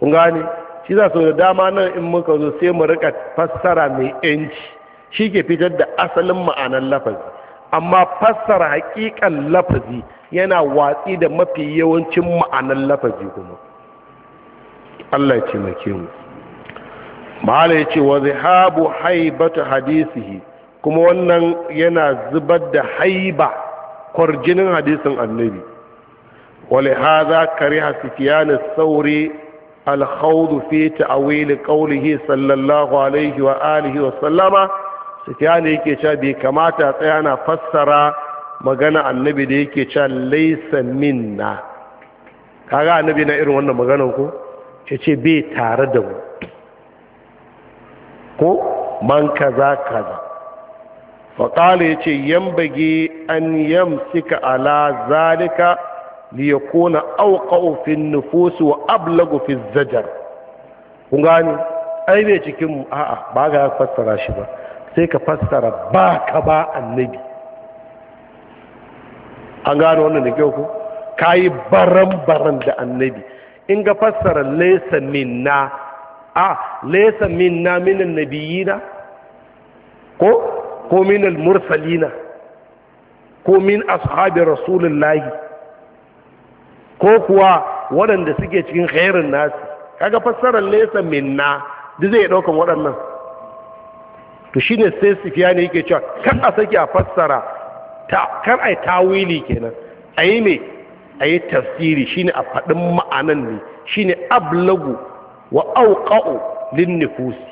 kun gane shi za su da dama nan in muka zo sai mu rika fassara mai yanci shi ke fitar da asalin ma'anar lafazi amma fassara haƙiƙan lafazi yana watsi da mafi yawancin ma'anar lafazi kuma Allah ya ce taimake mu mahala ya ce wa zihabu haibatu hadisihi kuma wannan yana zubar da haiba kwarjinin hadisin annabi wale za kare hasifiyanin sauri alhaudu fi ta'awili qaulihi sallallahu alaihi wa alihi wa sallama sufiyani yake cewa bai kamata tsaya na fassara magana annabi da yake cewa laisa minna kaga annabi na irin wannan maganar ko ya ce bai tare da mu ko man kaza kaza faƙala ya ce yan bage an suka ala zalika kona auka fin Nufusu wa ablagu fi zajar kun gani ai ne cikin a'a ba ga fassara shi ba sai ka fassara ba ka ba annabi an gano wannan da kyau ku ka yi baran-baran da annabi in ga fassara laisa minna a laisa minna minan nabiyina ko ko minan mursalina ko min ashabi rasulullahi ko kuwa waɗanda suke cikin khairun nasi kaga fassarar laisa minna duk zai ɗaukan waɗannan to shine sai ne yake cewa kan a saki a fassara ta kan ai tawili kenan ayi me ayi tafsiri shine a faɗin ma'anan ne shine ablagu wa auqa'u lin nufusi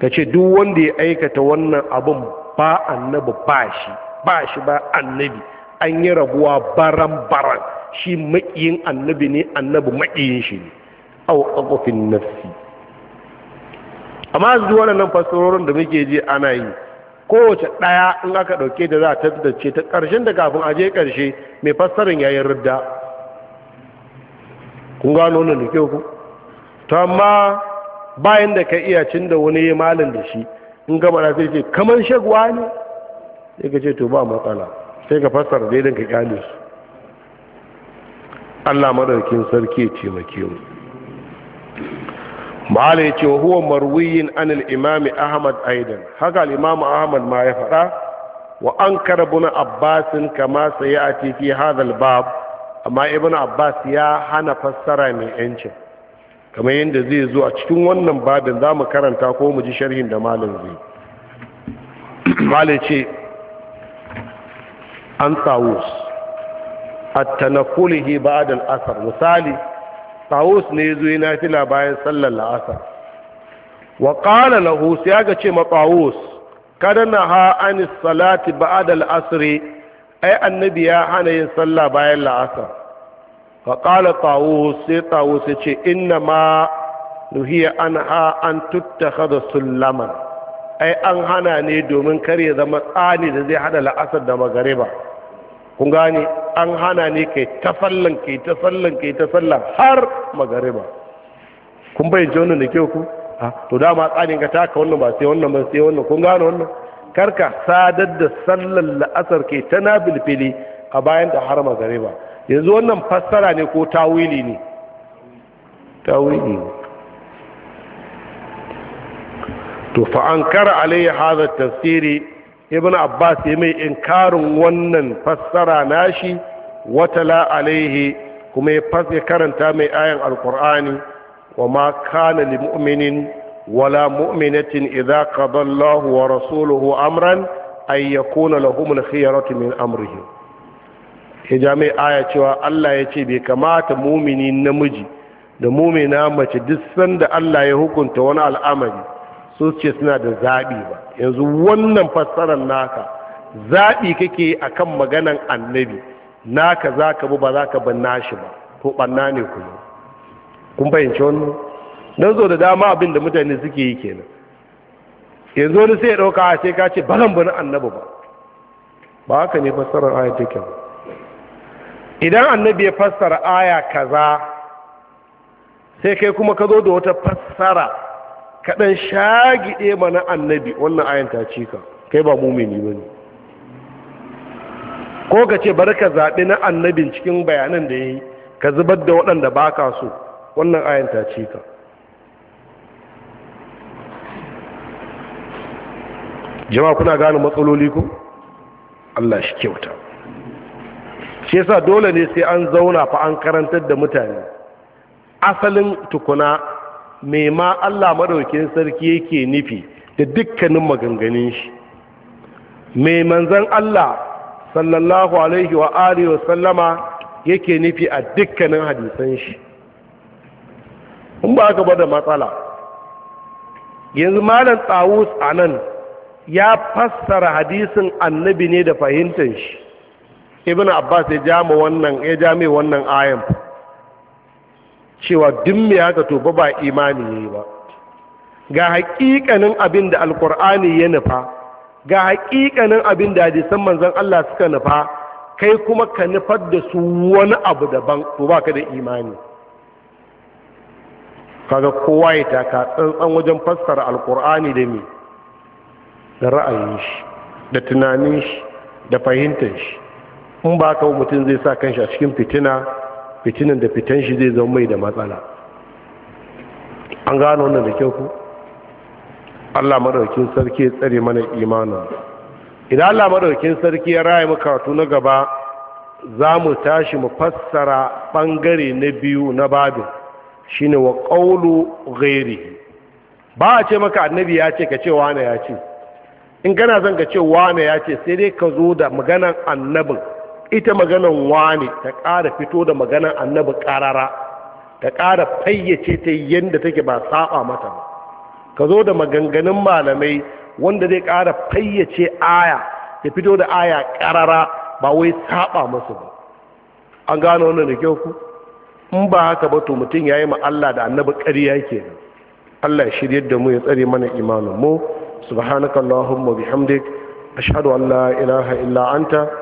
kace duk wanda ya aikata wannan abun ba annabi ba shi ba shi ba annabi an yi rabuwa baran baran shi maƙiyin annabi ne annabi maƙiyin shi ne auqa'u fin nafsi amma zuwa waɗannan fassarorin da muke ji ana yi kowace ɗaya in aka ɗauke da za a tattace ta ƙarshen da kafin aje ƙarshe mai fassarin ya yi rudda kun gano wannan da kyau ku ta amma bayan da ka iya cin da wani ya malin da shi in gama na sai ce kamar shagwa ne sai ka ce to ba matsala sai ka fassara yadda ka kyale su Allah madaukin sarki ya mu malai ya ce wa huwa marwiyin an al'imami ahmad aidan haka al'imamu ahmad ma ya faɗa wa an karbuna abbasin kama sai a titi hadal bab amma ibn abbas ya hana fassara mai yanci kamar yadda zai zo a cikin wannan babin za mu karanta ko mu ji sharhin da malin zai malai ce an tsawus a tanakulihi ba al misali tawus ne ya zo yi nafila bayan sallar la'asar wa ƙala lahu sai aka ce ma tawus kada na ha an salati ba da ai annabi ya hana yin sallah bayan la'asar ka ƙala tawus sai tawus ya ce inna ma nuhiya an ha an tuttaka da sullama ai an hana ne domin kar ya zama tsani da zai hada la'asar da magariba kun gane an hana ne kai ta sallan kai ta sallan kai ta sallan har magariba kun bayyance wannan da ke ku ah, to dama tsanin ka taka wannan ba sai wannan ba sai wannan kun gane wannan karka sadar da sallan la'asar kai ta nabil fili a bayan da har magariba yanzu wannan fassara ne ko tawili ne tawili ne to fa ankara alayya hadha tafsiri ibn abbas ya mai inkarin wannan fassara nashi watala alaihi kuma ya karanta mai ayan alkur'ani wa ma kana li mu'minin wala mu'minatin idza qada Allahu wa rasuluhu amran ay yakuna lahum al-khiyaratu min amrihim ya mai aya cewa Allah ya ce bai kamata mumini namiji da mumina mace duk sanda Allah ya hukunta wani al'amari su ce suna da zaɓi ba yanzu wannan fassarar naka zaɓi kake a kan maganan annabi naka za ka bi ba za ka ban nashi ba ko ɓanna ne ku yi. kun fahimci wannan don zo da dama abin da mutane suke yi kenan yanzu wani sai ya ɗauka a ah, sai ka ce ba zan bi annabi ba ba haka ne fassarar aya take ba idan annabi ya fassara aya kaza sai kai kuma ka zo da wata fassara kaɗan shagiɗe mana annabi wannan ayan ta ce ka kai ba mumini ba ne ko ka ce bari ka zaɓi na annabin cikin bayanan da ya yi ka zubar da waɗanda ba ka so wannan ayan ta ce ka jama kuna gane matsaloli ku Allah shi kyauta shi yasa dole ne sai an zauna fa an karantar da mutane asalin tukuna mai ma Allah madaukin sarki yake nufi da dukkanin maganganun shi mai manzan Allah sallallahu alaihi wa alihi wa sallama yake nufi a dukkanin hadisan shi in ba ka bada matsala yanzu malam tsawus a nan ya fassara hadisin annabi ne da fahimtar shi ibn abbas ya jami wannan wannan ayan cewa duk mai haka to ba imani ne ba ga haƙiƙanin abin da alƙur'ani ya nufa ga haƙiƙanin abin da hadisan manzon Allah suka nufa kai kuma ka nufar da su wani abu daban to ka da imani kaga kowa ya taka tsantsan wajen fassara alƙur'ani da me da ra'ayin shi da tunanin shi da fahimtar shi in ba ka mutum zai sa kanshi a cikin fitina fitinan da fitan shi zai zama mai da matsala an gano wannan da kyau ku Allah maɗaukin sarki tsare mana imanin idan Allah maɗaukin sarki ya raya mu karatu na gaba za mu tashi mu fassara bangare na biyu na babin shine wa qawlu ghairihi ba a ce maka annabi ya ce ka ce wane ya ce in kana son ka ce wane ya ce sai dai ka zo da maganan annabin ita maganan ne ta ƙara fito da maganan annabi ƙarara ta ƙara fayyace ta yadda take ba saba mata ba ka zo da maganganun malamai wanda zai ƙara fayyace aya ta fito da aya ƙarara ba wai saba masu ba an gano wannan da kyau ku in ba haka ba to mutum ya yi ma Allah da annabi ƙarya nan Allah ya shirye da mu ya tsare mana imanin mu subhanakallahumma bihamdik ashhadu an la ilaha illa anta